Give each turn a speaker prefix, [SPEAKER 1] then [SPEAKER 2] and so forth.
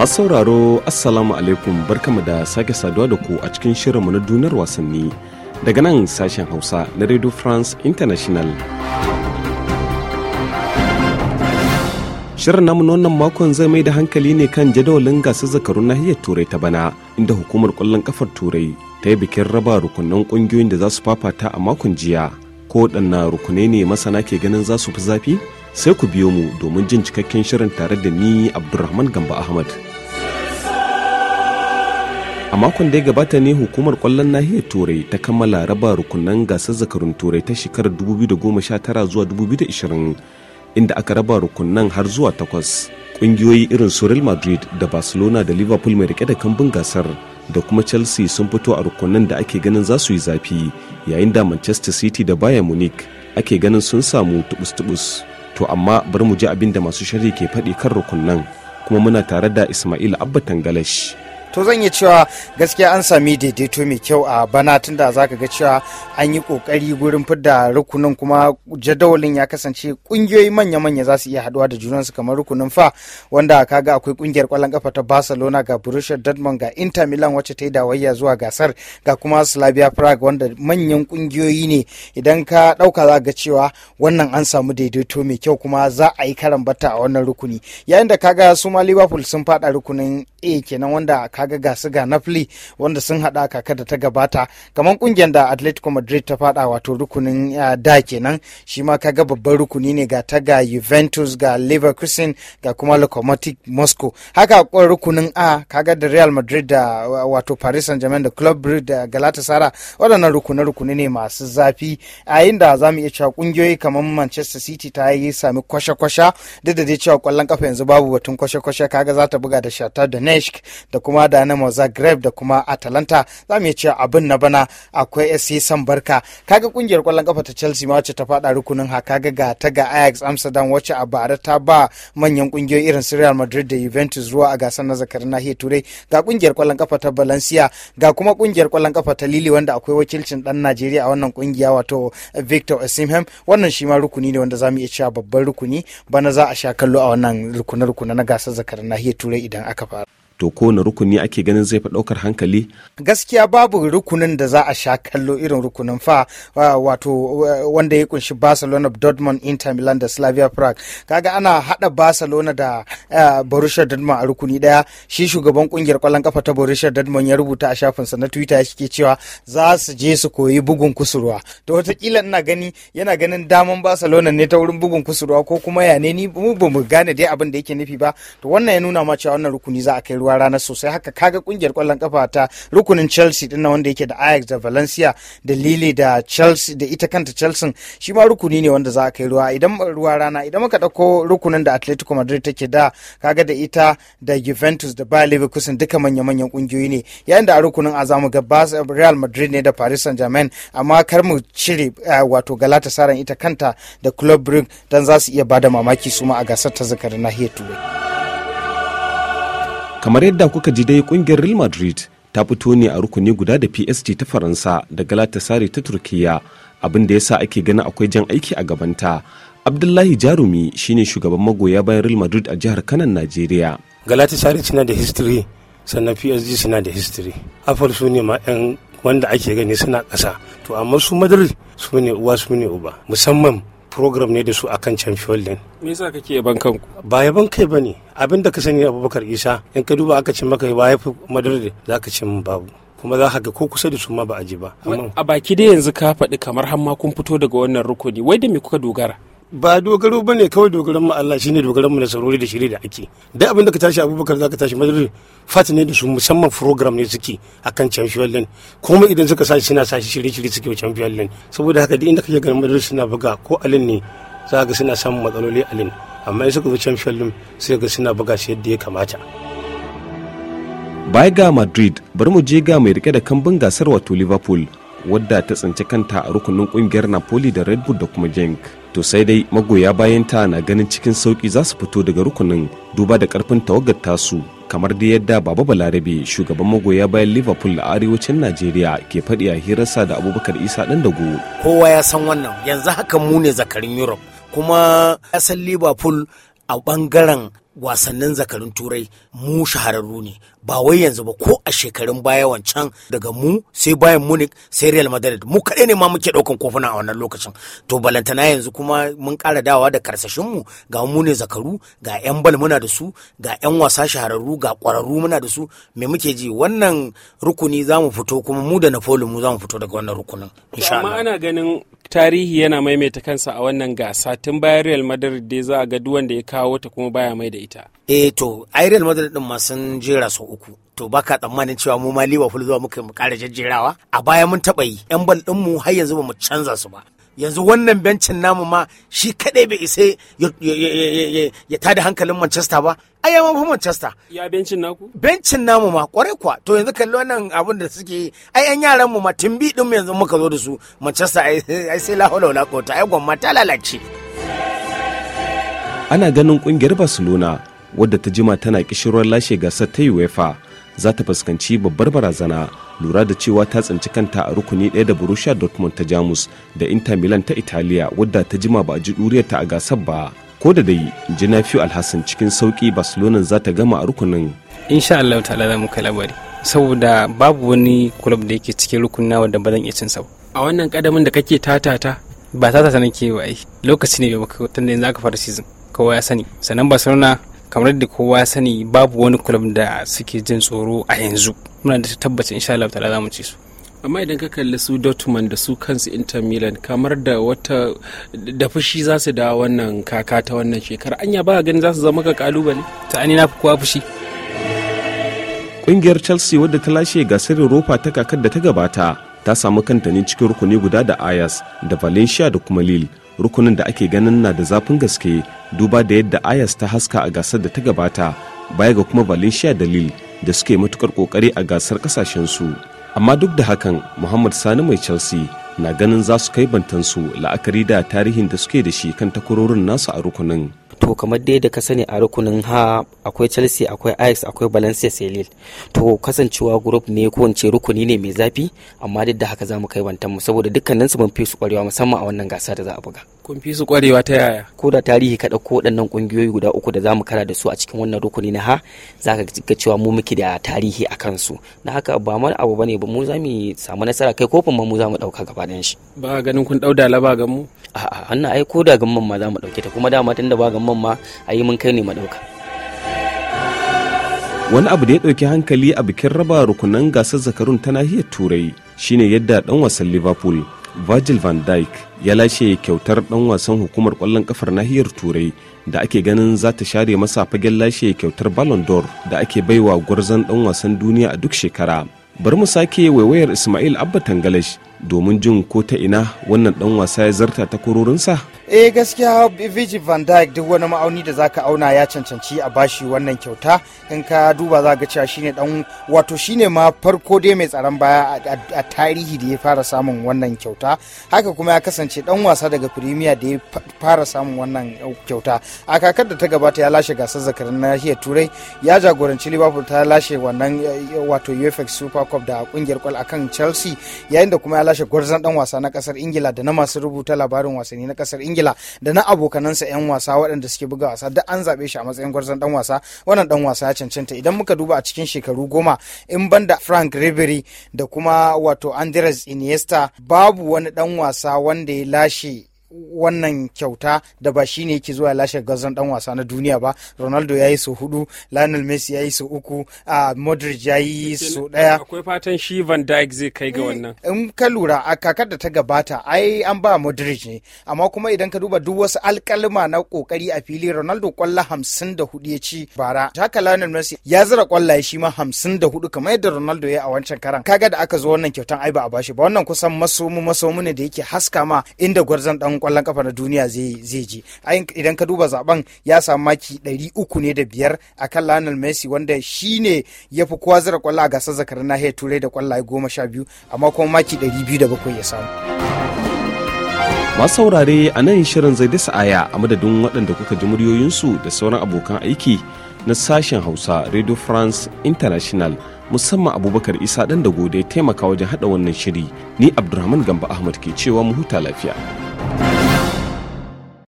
[SPEAKER 1] masu sauraro assalamu alaikum barkamu da sake saduwa da ku a cikin shirinmu na dunar wasanni daga nan sashen hausa na radio france international shirin namu wannan makon zai mai da hankali ne kan jadawalin gasar zakarun nahiyar turai ta bana inda hukumar kwallon kafar turai ta yi bikin raba rukunan kungiyoyin da za su fafata a makon jiya ko waɗanna rukunai ne masana ke ganin za su fi zafi sai ku biyo mu domin jin cikakken shirin tare da ni abdulrahman gamba ahmad a makon da ya gabata ne hukumar kwallon nahiyar turai ta kammala raba rukunan gasar zakarun turai ta shekarar 2019 zuwa 2020 inda aka raba rukunan har zuwa takwas ƙungiyoyi irin su real madrid da barcelona da liverpool mai rike da kambun gasar da kuma chelsea sun fito a rukunan da ake ganin za su yi zafi yayin da manchester city da bayern munich ake ganin sun samu tubus-tubus to amma bari mu ji abin da masu shari ke faɗi kan rukunan kuma muna tare da ismail abba tangalash
[SPEAKER 2] to zan yi cewa gaskiya an sami daidaito mai kyau a bana tunda za ka ga cewa an yi kokari gurin fidda rukunin kuma jadawalin ya kasance kungiyoyi manya-manya za su iya haduwa da junansu kamar rukunin fa wanda kaga akwai kungiyar kwallon kafa ta barcelona ga borussia dortmund ga inter milan wacce ta yi dawayya zuwa gasar ga kuma slavia prague wanda manyan kungiyoyi ne idan ka dauka za ga cewa wannan an samu daidaito mai kyau kuma za a yi karambata a wannan rukuni yayin da kaga su ma liverpool sun fada rukunin A kenan wanda kaga ga su ga Napoli wanda sun hada kaka da ta gabata kamar kungiyar da Atletico Madrid ta fada wato rukunin da kenan shi ma kaga babban rukuni ne ga ta ga Juventus ga Leverkusen ga kuma Lokomotiv Moscow haka kwan rukunin A kaga da Real Madrid da wato Paris Saint-Germain da Club Brugge da Galatasaray waɗannan rukune rukuni ne masu zafi a inda za mu iya cewa kungiyoyi kamar Manchester City ta yi sami kwashe-kwashe duk da dai cewa kwallon kafa yanzu babu batun kwashe-kwashe kaga za ta buga da shatar da Donetsk da kuma Dynamo Zagreb da kuma Atalanta za mu ce abin na bana akwai SC barka kaga kungiyar kwallon kafa ta Chelsea ma wacce ta fada rukunin ha kaga ga ta ga Ajax Amsterdam wacce a bara ta ba manyan kungiyoyi irin su Real Madrid da Juventus ruwa a gasar na zakarin nahiyar Turai ga kungiyar kwallon kafa ta Valencia ga kuma kungiyar kwallon kafa ta Lille wanda akwai wakilcin dan Najeriya a wannan kungiya wato Victor Osimhen wannan shi ma rukuni ne wanda za mu iya cewa babban rukuni bana za a sha kallo a wannan rukune-rukune na gasar zakarin nahiyar Turai idan aka fara
[SPEAKER 1] to kowane rukuni ake ganin zai fi ɗaukar hankali
[SPEAKER 2] gaskiya babu rukunin da za a sha kallo irin rukunin fa wato wanda ya kunshi barcelona dortmund inter milan da slavia prague kaga ana hada barcelona da eh, borussia dortmund a rukuni daya shi shugaban kungiyar kwallon kafa ta borussia dortmund ya rubuta a shafinsa na twitter ya shike cewa za su je su koyi bugun kusurwa to watakila ina gani yana ganin daman barcelona ne ta wurin bugun kusurwa ko kuma ya ne ni mu ba mu gane dai abin da yake nufi ba to wannan ya nuna ma cewa wannan rukuni za a kai ruwa babbar ranar sosai haka kaga kungiyar kwallon kafa ta rukunin Chelsea din wanda yake da Ajax da Valencia da Lille da Chelsea da ita kanta Chelsea shi ma rukuni ne wanda za a kai ruwa idan ruwa rana idan muka dauko rukunin da Atletico Madrid take da kaga da ita da Juventus da Bayer Leverkusen duka manya-manyan kungiyoyi ne yayin da a rukunin a zamu ga Real Madrid ne da Paris Saint-Germain amma kar mu cire eh, wato Galatasaray ita kanta da Club Brugge dan za su iya bada mamaki su ma a gasar ta zakarin nahiyar Turai.
[SPEAKER 1] kamar yadda kuka ji dai kungiyar real madrid ta fito ne a rukuni guda da psg ta faransa da galatasaray ta turkiya abin da sa ake ganin akwai jan aiki a gabanta abdullahi jarumi shine shugaban magoya bayan real madrid a jihar kanan nigeria.
[SPEAKER 3] galatasaray suna da history sannan psg suna da history afar su ne ma 'yan wanda ake gani suna kasa to amma su madrid su ne uwa su ne uba musamman program ne da su akan can fuel din
[SPEAKER 1] me yasa kake yaban kanku
[SPEAKER 3] ba yaban kai bane abin da ka sani Abubakar Isa in ka duba aka ce maka ba yafi madar zaka ce min babu kuma za ka ga ko kusa da su ma ba a ji ba. A baki dai yanzu ka faɗi kamar har ma kun fito daga wannan rukuni wai da me kuka dogara? ba dogaro ba ne kawai dogaron mu Allah shine dogaron mu na sarori da shiri da ake da abin da ka tashi abubakar za ka tashi madrid fat ne da su musamman program ne suke akan champion lane kuma idan suka sashi suna sashi shiri shiri suke champion lane saboda haka duk inda kake ganin madrid suna buga ko alin ne za ga suna samun matsaloli alin amma in suka zo champion lane sai ga suna buga shi yadda ya kamata
[SPEAKER 1] baya ga madrid bari mu je ga mai rike da kambun gasar wato liverpool wadda ta tsinci kanta a rukunin kungiyar napoli da red bull da kuma genk to sai dai magoya bayanta na ganin cikin sauki za su fito daga rukunin duba da karfin tawagar tasu kamar da yadda baba balarabe shugaban magoya bayan liverpool a arewacin najeriya ke faɗi a hirarsa da abubakar isa ɗan dago
[SPEAKER 3] kowa ya san wannan yanzu haka mu ne zakarin europe kuma asan liverpool a bangaren wasannin zakarun turai mu shahararru ne ba wai yanzu ba ko a shekarun baya wancan daga mu sai bayan munich sai real madrid mu kaɗai ne ma muke ɗaukan kofuna a wannan lokacin to balantana yanzu kuma mun ƙara dawa da karsashin mu ga mu ne zakaru ga yan bal muna da su ga yan wasa shahararru ga ƙwararru muna da su me muke ji wannan rukuni za mu fito kuma mu da napoli mu za mu fito daga wannan rukunin insha Allah
[SPEAKER 1] ana ganin tarihi yana maimaita kansa a wannan gasa tun bayan real madrid dai za a ga duwan da ya kawo ta kuma baya mai da ita eh to ai real madrid din
[SPEAKER 3] ma sun jera sau uku to baka tsammanin cewa mu ma liverpool zuwa muka mu kara jejjerawa a baya mun taba yi yan bal din mu har yanzu ba mu canza su ba yanzu wannan bencin namu ma shi kadai bai isa ya tada hankalin manchester ba ai yamma fi manchester ya bencin naku bencin namu ma kwarai kuwa to yanzu kalli wannan abin da suke yi ai yan yaran mu ma bi din yanzu muka zo da su manchester ai sai la wala ai gwamma ta lalace
[SPEAKER 1] ana ganin ƙungiyar barcelona wadda ta jima tana kishirwar lashe gasar ta uefa za ta fuskanci babbar barazana lura da cewa ta tsinci kanta a rukuni ɗaya da borussia dortmund ta jamus da inter milan ta italiya wadda ta jima ba a ji ta a gasar ba ko da dai ji nafiu alhassan cikin sauki barcelona za ta gama a rukunin
[SPEAKER 2] insha allahu ta'ala za mu kai labari saboda babu wani kulub da yake cikin rukunna wadda ba zan iya cin sa
[SPEAKER 1] a wannan kadamin da kake tatata
[SPEAKER 2] ba ta ta nake ba ai lokaci ne bai maka tunda yanzu aka fara season kowa ya sani sannan barcelona kamar da kowa ya sani babu wani kulub da suke jin tsoro a yanzu muna da tabbacin insha Allah ta'ala zamu ci su
[SPEAKER 1] amma idan ka kalli su Dortmund da su kansu Inter Milan kamar da wata da fushi za su da wannan kaka ta wannan shekara anya ba ganin za su zama ka kalubale ta ani na fi kowa fushi kungiyar Chelsea wadda ta lashe gasar Europa ta kakar da ta gabata ta samu kanta ne cikin rukuni guda da Ayas da Valencia da kuma Lille rukunin da ake ganin na da zafin gaske duba da yadda ayas ta haska a gasar da ta gabata baya ga kuma valencia dalil da suke matukar kokari a gasar kasashensu amma duk da hakan muhammad sani mai chelsea na ganin za su kai bantansu la'akari da tarihin da suke da shi kan takwarorin nasu a rukunin
[SPEAKER 3] to kamar dai da ka sani a rukunin ha akwai chelsea akwai ajax akwai valencia selil to kasancewa group ne ko ce rukuni ne mai zafi amma duk da haka za mu kai bantanmu saboda dukkaninsu mun fi su kwarewa musamman a wannan gasa da za a buga
[SPEAKER 1] kun fi su kwarewa ta yaya
[SPEAKER 3] ko da tarihi ka ɗauko waɗannan ƙungiyoyi guda uku da zamu kara da su a cikin wannan rukuni na ha za ka ga cewa mu muke da tarihi a kansu na haka ba mana abu bane ba mu za mu samu nasara kai kofin ma mu za mu ɗauka gaba ɗayan shi ba ganin kun ɗau ba ga mu a'a wannan ai ko da gamman ma za mu ɗauke ta kuma dama tunda ba gamman ma ayi mun kai ne mu ɗauka
[SPEAKER 1] wani abu da ya ɗauki hankali a bikin raba rukunan gasar zakarun ta nahiyar turai shine yadda ɗan wasan liverpool virgil van dijk ya lashe kyautar dan wasan hukumar kwallon kafar nahiyar turai da ake ganin za ta share masa fagen lashe kyautar ballon d'or da ake baiwa gwarzon dan wasan duniya a duk shekara bari mu sake waiwayar ismail abba tangalash domin jin ko ta ina wannan dan wasa ya zarta takwarorinsa
[SPEAKER 2] eh gaskiya Virgil van Dijk duk wani ma'auni da zaka auna ya cancanci a bashi wannan kyauta in ka duba za ga cewa shine dan wato shine ma farko dai mai tsaron baya a tarihi da ya fara samun wannan kyauta haka kuma ya kasance dan wasa daga Premier da ya fara samun wannan uh, kyauta a kakar da ta gabata ya lashe gasar zakarin nahiyar Turai ya jagoranci Liverpool ta lashe wannan uh, wato UEFA Super Cup da kungiyar kwal akan Chelsea yayin da kuma ya lashe gwarzon dan wasa na kasar Ingila da na masu rubuta labarin wasanni na kasar Ingila ingila da na abokanansa 'yan wasa waɗanda suke buga wasa duk an zaɓe shi a matsayin gwarzon dan wasa wannan dan wasa ya cancanta idan muka duba a cikin shekaru goma in banda frank ribery da kuma wato andres iniesta babu wani dan wasa wanda ya lashe wannan kyauta da ba shine yake zuwa lashe gazon dan wasa na duniya ba ronaldo ya yi su hudu lionel messi ya yi su uku a modric ya yi su daya
[SPEAKER 1] akwai fatan shi van dijk zai kai ga eh, wannan
[SPEAKER 2] in ka lura a kakar da ta gabata ai an ba modric ne amma kuma idan ka duba duk wasu alkalma na kokari a fili ronaldo kwallo hamsin da hudu ya ci bara haka lionel messi ya zira kwallaye shi ma hamsin da hudu kamar yadda ronaldo ya a wancan karan kaga da aka zo wannan kyautan ai ba a bashi ba wannan kusan masomu masomu ne da yake haska ma inda gwarzon dan kwallon kafa na duniya zai je idan ka duba zaben ya samu maki ɗari uku ne da biyar a kan Lionel Messi wanda shi ne ya fi kowa zira kwallo a gasar zakarar nahiyar turai da kwallaye goma sha biyu amma kuma maki ɗari biyu da bakwai ya samu.
[SPEAKER 1] Masu saurare a nan shirin zai dasa aya a madadin waɗanda kuka ji muryoyinsu da sauran abokan aiki na sashen Hausa Radio France International musamman Abubakar Isa ɗan da gode taimaka wajen haɗa wannan shiri ni Abdulrahman Gamba Ahmad ke cewa mu huta lafiya.